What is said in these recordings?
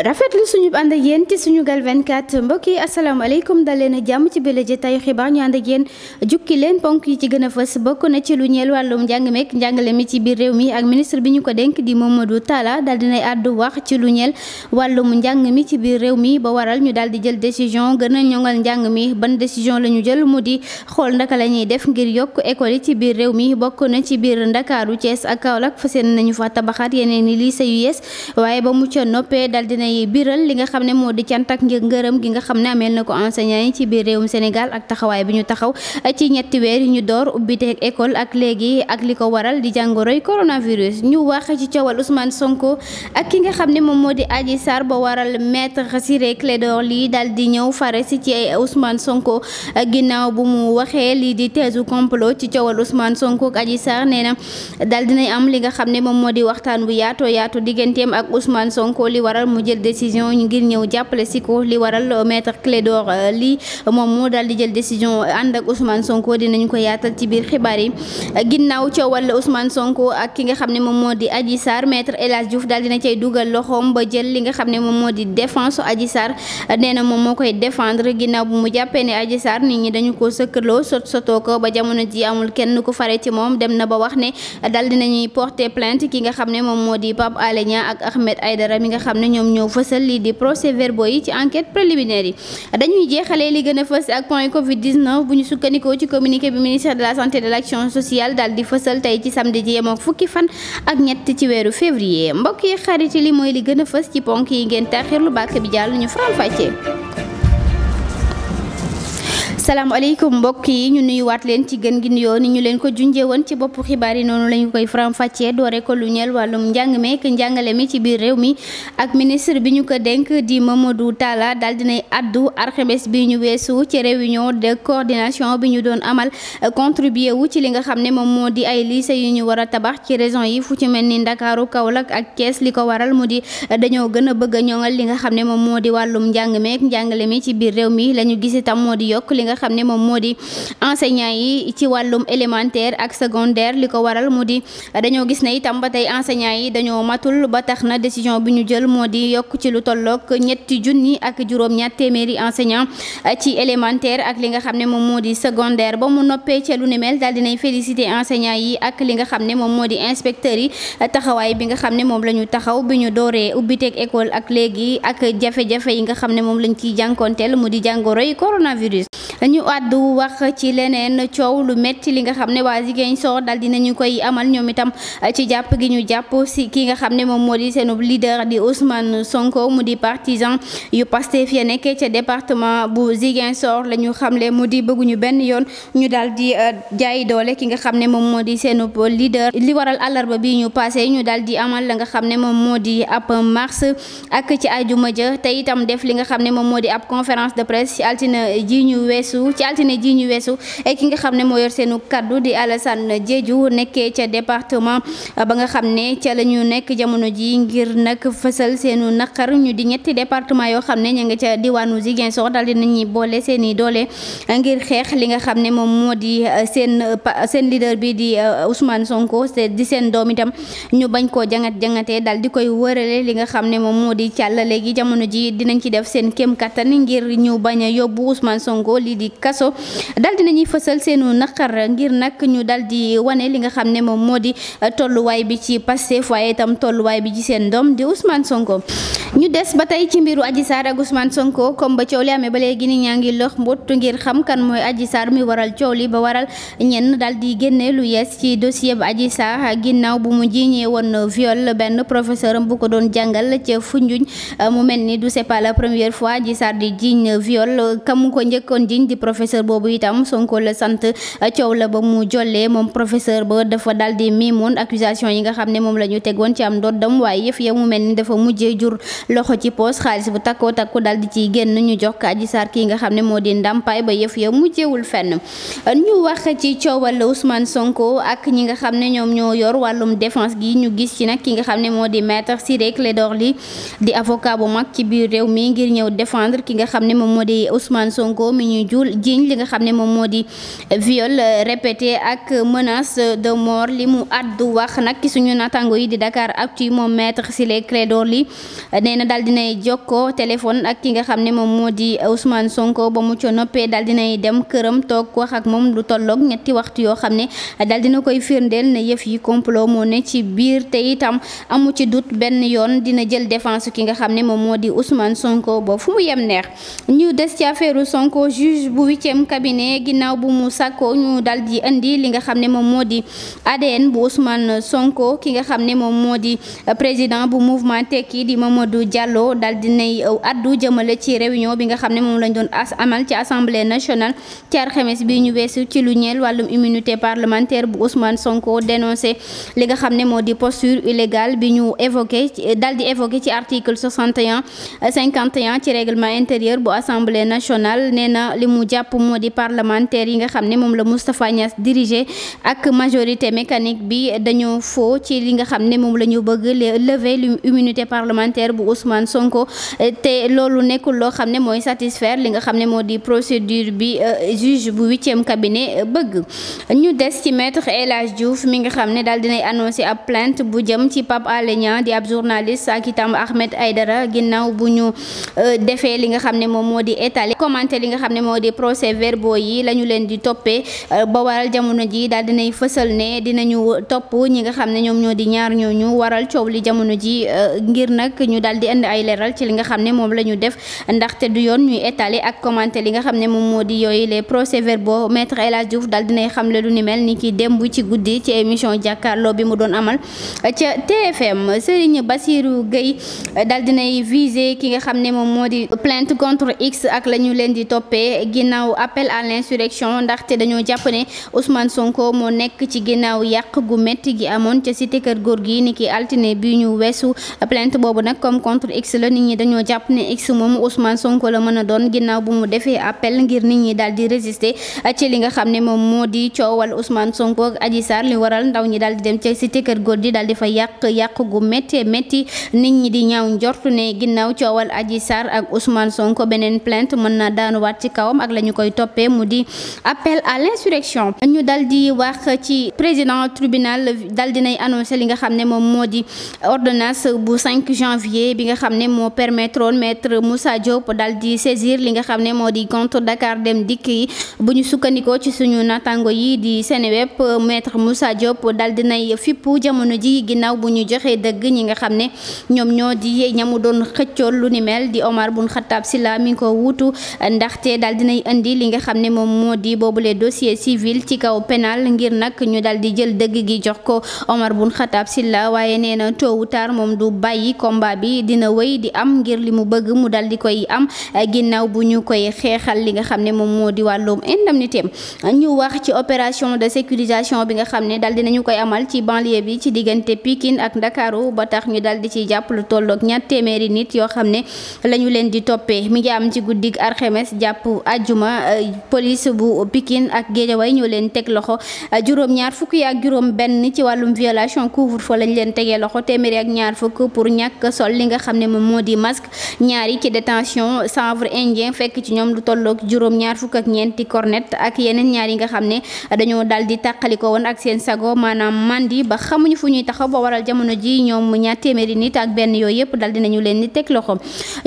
rafetlu suñu ànd ak yéen ci Sunugal 24 mbokk yi asalaamaaleykum dal leen a jàmm ci bile jotaayu xibaar ñu ànd ak yéen jukki leen ponk yi ci gën a fës bokk na ci lu ñeel wàllum njàng meek njàngale mi ci biir réew mi ak bi ñu ko dénk di Mamadou Talla daal dinay àddu wax ci lu ñeel wàllum njàng mi ci biir réew mi ba waral ñu daal di jël décision gën a ñoŋal njàng mi ban décision la ñu jël mu di xool ndaka la ñuy def ngir yokk école yi ci biir réew mi bokk na ci biir Ndakaaru cees ak Kaolack fas yéene nañu fa tabaxaat yeneen i sa yu yees waaye ba mu ca noppee daal nay biral li nga xam ne moo di cant ak ngërëm gi nga xam ne ameel na ko enseignant yi ci biir réewum Sénégal ak taxawaay bi ñu taxaw ci ñetti weer yi ñu door ubbiteeg école ak léegi ak li ko waral di jàngoroy coronavirus ñu wax ci coowal Ousmane Sonko ak ki nga xam ne moom moo di Adji Sarr ba waral maître Ciré Clédor Ly daal di ñëw fare si ci ay Ousmane Sonko ginnaaw bu mu waxee lii di teesu complot ci coowal Ousmane Sonko ak Adji Sarr nee na daal dinay am li nga xam ne moom moo di waxtaan bu yaatoo yaatu digganteem ak Ousmane Sonko li waral mu jël décision ngir ñëw jàppale si ko li waral euh, maître Clédor euh, Ly moom moo daal di jël décision euh, ànd ak Ousmane Sonko dinañ ko yaatal ci biir xibaar yi ginnaaw coowal Ousmane Sonko ak ki nga xam ne moom moo di Adji Sarr maître El Hadj Diouf daal dina cay ba jël li nga xam ne moom moo di défense Adji Sarr nee na moo koy défendre ginnaaw bu mu jàppee ne Adji nit ñi dañu ko sëkkaloo sot sotoo ko ba jamono ji amul kenn ku fare ci moom dem na ba wax ne daal dinañuy porter plainte ki nga xam ne moom moo di Pape Alé Niang ak Ahmed Aïdara mi nga xam ne ñoom ñëw fësal lii di procès verbaux yi ci enquête préliminaire yi dañuy jeexalee li gën a fës ak point Covid 19 bu ñu sukkandikoo ci communiqué bi ministère de la santé et de l' sociale daal di fësal tey ci samedi ji yemook fukki fan ak ñett ci weeru février mbokk yi xarit li mooy li gën a fës ci ponk yi ngeen lu bàkk bi jàll ñu faram fàccee. aleykum mbokk yi ñu nuyuwaat leen ci gën gi nuyoo ñu leen ko junjee ci bopp xibaar yi noonu la ñu koy faram-fàccee doore ko lu ñeel wàllum njàng meek njàngale mi ci biir réew mi ak ministre bi ñu ko dénk di Mamadou Talla daal dinay addu arxemes bi ñu weesu ci réunion de coordination bi ñu doon amal euh, contribuer wu ci li nga xam ne moom moo di ay lycée yu ñu war a tabax ci région yi fu ci mel ni Ndakaaru Kaolack ak Thiès li ko waral mu di euh, dañoo gën a bëgg a li nga xam ne moom moo di wàllum njàng njàngale mi ci biir réew mi la ñu gis itam moo di yokk li nga xam ne moom moo di enseignant yi ci wàllum élémentaire ak secondaire li ko waral mu di dañoo gis ne itam ba tey enseignant yi dañoo matul ba tax na décision bi ñu jël moo di yokk ci lu tolloog ñetti junni ak juróom-ñaar téeméeri enseignant ci élémentaire ak li nga xam ne moom moo di secondaire ba mu noppee ca lu ni mel daal dinañ félicité enseignant yi ak li nga xam ne moom moo di inspecteur yi taxawaay bi nga xam ne moom la ñu taxaw bi ñu dooree ubbiteeg école ak léegi ak jafe yi nga xam ne moom lañ ciy jànkonteel mu di jàngoroy coronavirus ñu àddu wax ci leneen coow lu metti li nga xam ne waa Ziguinchor dal dinañu koy amal ñoom itam ci jàpp gi ñu jàpp si ki nga xam ne moom moo di seenub leader di Ousmane Sonko mu di partisan yu Pastef ya nekkee ca département bu Ziguinchor la ñu xamle mu di bëgguñu benn yoon ñu daal di euh, jaay doole ki nga xam ne moom moo di seenub leader li waral àllarba bi ñu passé ñu daal di amal la nga xam ne moom moo di ab mars ak ci àjjuma ja te itam def li nga xam ne moom moo di ab conférence de presse ci altina ji ñu wees weesu ci altine ji ñu weesu ki nga xam ne moo seenu kaddu di Alassane Diédhiou nekkee ca département ba nga xam ne ca la ñu nekk jamono ji ngir nag fësal seenu naqar ñu di ñetti département yoo xam ne ñu nga ca diwaanu Ziguinchor daal di nañuy boole seen i doole ngir xeex li nga xam ne moom moo di uh, seen uh, seen leader bi di uh, Ousmane Sonko di seen doom itam ñu bañ koo jangat jangatee daal di koy wërale li nga xam ne moom moo di càll léegi jamono ji dinañ ci def seen kéem kattan ngir ñu bañ a yóbbu Ousmane Sonko lii kaso daldi nañuy fësal seenu naqar ngir nag ñu daal di wane li nga xam ne moom moo di tolluwaay bi ci Pastef waaye itam tolluwaay bi ci seen doom di Ousmane Sonko ñu des ba tey ci mbiru Adji Sarr ak Ousmane Sonko comme ba coow li amee ba léegi ni ñaa ngi lëx mbott ngir xam kan mooy Adji Sarr mi waral coow li ba waral ñenn daal di génne lu yees ci dossier ba Adji Sarr ginnaaw bu mu jiiñee woon viol benn professeur am bu ko doon jàngal ca funjuñ mu mel ni du c'est pas la première fois Adji Sarr di jiiñ viol kamu ko njëkkoon jiiñ di professeur boobu itam Sonko la sant coow la ba mu jollee moom professeur ba dafa daal di miimoon accusation yi nga xam ne moom la ñu tegoon ci am ndoddam waaye yëf ya mu mel ni dafa mujjee jur loxo ci poos xaalis bu takkoo takku daal di ciy génn ñu jox ko Adji Sarr kii nga xam ne moo di ndàmpaay ba yëf ya mujjewul fenn ñu wax ci coowal Ousmane Sonko ak ñi nga xam ne ñoom ñoo yor wàllum défense gi ñu gis ci nag ki nga xam ne moo di maître Ciré Clédor li di avocat bu mag ci biir réew mi ngir ñëw défendre ki nga xam ne moom moo di Ousmane Sonko mi ñuy jul jiiñ li nga xam ne moom moo di viol répété ak menace de mort li mu àddu wax nag ki suñu natango yi di Dakar Actu moom maître Ciré Clédor Ly nee na daal dinay jokkoo téléphone ak ki nga xam ne moom moo di Ousmane Sonko ba mu ca noppee daal dinay dem këram toog wax ak moom lu tolloog ñetti waxtu yoo xam ne daal dina koy firndeel ne yëf yi complot moo ne ci biir te itam amu ci dut benn yoon dina jël défense ki nga xam ne moom moo di Ousmane Sonko ba fu mu yem neex ñu des ci affaire Sonko juge bu huitième cabinet ginnaaw bu mu sàkkoo ñu daal di indi li nga xam ne moom moo di ADN bu Ousmane Sonko ki nga xam ne di Mamadou Diallo daal dinay euh, addu jëmale ci réunion bi nga xam ne moom lañ doon amal ci assemblée nationale ci alxames bi ñu weesu ci lu ñeel wàllum immunité parlementaire bu Ousmane Sonko dénoncé li nga xam ne di posture illégale bi ñu évoqué daal di évoqué ci article 61 51 ci règlement intérieur bu assemblée yi nga xam ne moom la Moustapha Niass dirigé ak majorité mécanique bi dañoo faux ci li nga xam ne moom la ñu bëgg lever l'immunité parlementaire bu Ousmane Sonko eh, te loolu nekkul loo xam ne mooy satisfaire li nga xam ne moo di procédure bi eh, juge bu huitième cabinet eh, bëgg ñu des ci maître El Hadj mi nga xam ne daal dinay annoncé ab plainte bu jëm ci Pape Alé Niang di ab journaliste ak itam Ahmed Aïdara ginnaaw bu ñu defee li nga xam ne moom moo di étalé commenté li nga xam ne moo di procès verbaux yi lañu leen di toppee ba waral jamono ji daal dinay fësal ne dinañu topp ñi nga xam ne ñoom ñoo di ñaar ñooñu waral coow daal di indi ay leeral ci li nga xam ne moom la ñu def ndaxte du yoon ñuy étaler ak commenter li nga xam ne moom moo di yooyu les procès verbaux maître El Hadj Diouf daal dinay xam le lu ni mel ni ki démb ci guddi ci émission jàkkaarloo bi mu doon amal ca TFM Serigne Bassirou dal daal dinay viser ki nga xam ne moom moo di plainte contre X ak la ñu leen di toppee ginnaaw appel à l'insurrection ndaxte dañoo jàpp ne Ousmane Sonko moo nekk ci ginnaaw yàq gu métti gi amoon ca cité kër góor gi ni ki altine bi ñu weesu rencontre x la nit ñi dañoo jàpp ne x moomu Ousmane Sonko la mën a doon ginnaaw bu mu defee appel ngir nit ñi daal di résister ci li nga xam ne moom moo di coowal Ousmane Sonko ak Adji Sarr ñi daal di dem ci cité Kër Gorgui di fa yàq yàq gu métti métti nit ñi di ñaaw njort ne ginnaaw coowal Adji Sarr ak Ousmane Sonko beneen plainte mën na daanuwaat ci kawam ak la ñu koy toppee mu di appel à l'insurrection ñu daal di wax ci président tribunal daal dinay annoncé li nga xam ne moom moo di ordonnance bu janvier dossier bi nga xam ne moo permettroon maître Moussa Diop dal di saisir li nga xam ne moo di compte Dakar dem dikk yi bu ñu sukkandikoo ci suñu natango yi di seen Seneweb maître Moussa Diop dal dinay fippu jamono ji ginnaaw bu ñu joxee dëgg ñi nga xam ne ñoom ñoo di ñamu doon xëccool lu ni mel di Omar Bun Khattab Silla mi ngi ko wuutu ndaxte dal dinay indi li nga xam ne moom moo di boobule dossier civil ci kaw penal ngir nag ñu dal di jël dëgg gi jox ko Omar Bun Khattab bi dina wéy di am ngir li mu bëgg mu dal di koy am eh, ginnaaw bu ñu koy xeexal li nga xam ne moom moo di wàllum indemnité ñu wax ci opération de sécurisation bi nga xam ne dal dinañu koy amal ci banlieue bi ci diggante Pikine ak Ndakaaru ba tax ñu dal di ci jàpp lu tolloog ñaar téeméeri nit yoo xam ne lañu leen di toppee mi ngi am ci guddi arxemes jàpp ajuma eh, police bu Pikine ak Guédiawaye ñoo leen teg loxo eh, juróom ñaar fukk ak juróom benn ci wàllum violation nga xam ne moom moo di masque ñaari ci détention chanvre indien fekk ci ñoom lu tolloog juróom ñaar fukk ak ñeenti cornet ak yeneen ñaar yi nga xam ne dañoo daal di ko woon ak seen sago maanaam mandi ba xamuñu fu ñuy taxaw ba waral jamono ji ñoom ñaar téeméeri nit ak benn yooyu yëpp dal dinañu leen di teg loxo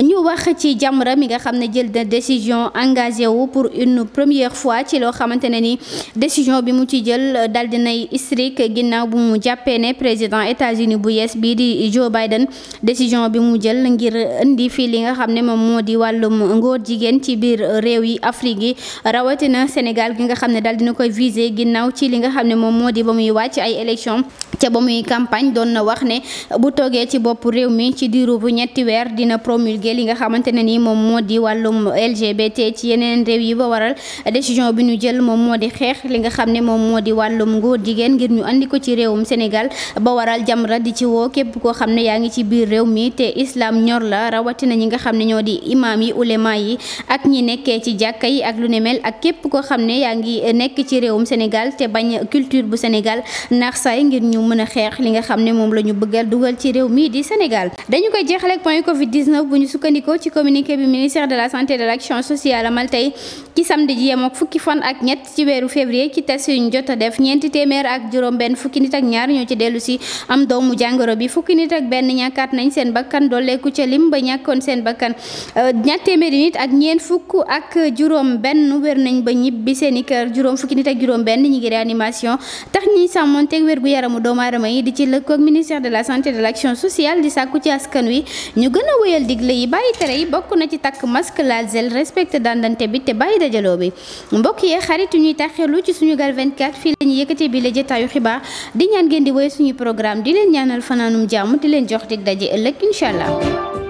ñu wax ci Jamra mi nga xam ne jël na décision engagé wu pour une première fois ci loo xamante ne ni décision bi mu ci jël dal dinay strict ginnaaw bu jàppee ne président États-Unis bu yees bii di Joe Biden décision bi mu jël ngir indi fii li nga xam ne moom moo di wàllum ngóor jigéen ci biir réew yi Afrique yi rawatina Sénégal gi nga xam ne daal dina koy visé ginnaaw ci li nga xam ne moom moo di ba wàcc ay élection ca ba muy campagne doon na wax ne bu toogee ci bopp réew mi ci diiru bu ñetti weer dina promulguer li nga xamante ne ni moom moo di wàllum LGBT ci yeneen réew yi ba waral décision bi ñu jël moom moo di xeex li nga xam ne moom moo di wàllum ngóor jigéen ngir ñu andi ko ci réewum Sénégal ba waral Jamra di ci woo képp koo xam ne yaa ngi ci biir réew mi te islam ñor la rawatina ñi nga xam ne ñoo di imaam yi ulema yi ak ñi nekkee ci jàkka yi ak lu ne mel ak képp koo xam ne yaa ngi nekk ci réewum Sénégal te bañ culture bu Sénégal naax saay ngir ñu mën a xeex li nga xam ne moom la ñu bëggal dugal ci réew mii di Sénégal dañu koy jeexale ak point Covid 19 bu ñu sukkandikoo ci communiqué bi ministère de la santé et de l'action sociale amal tey ci samedi ji yem ak fukki fan ak ñett ci weeru février ci test yu ñu jot def ñeenti téeméer ak juróom benn fukki nit ak ñaar ñoo ci dellu si am bi fukki nit ak benn ñàkkaat nañ bakkan dolleeku ca lim ba ñàkkoon seen bakkan euh, ñaar téeméeri nit ak ñeent fukk ak juróom benn wér nañ ba ñibbi seen i juróom fukki nit ak juróom benn ñi ngi réanimation tax ñi sàmmonteeg wér gu yaramu doomu aadama yi di ci lëkkoog ministère de la santé de l'action sociale di sàkku ci askan wi ñu gën a digle yi bàyyi tere yi bokk na ci takk masque laal gel respecté dandante bi te bàyyi dajaloo bi mbokk yee xarit ñuy taxelu ci suñu Sunugal 24 fii la ñu yëkkatee bi la jotaayu xibaar di ñaan geen di woy suñu programme di leen ñaanal fanaanum jàmm di leen jox dig daje ëllëg ইনশাল্লাহ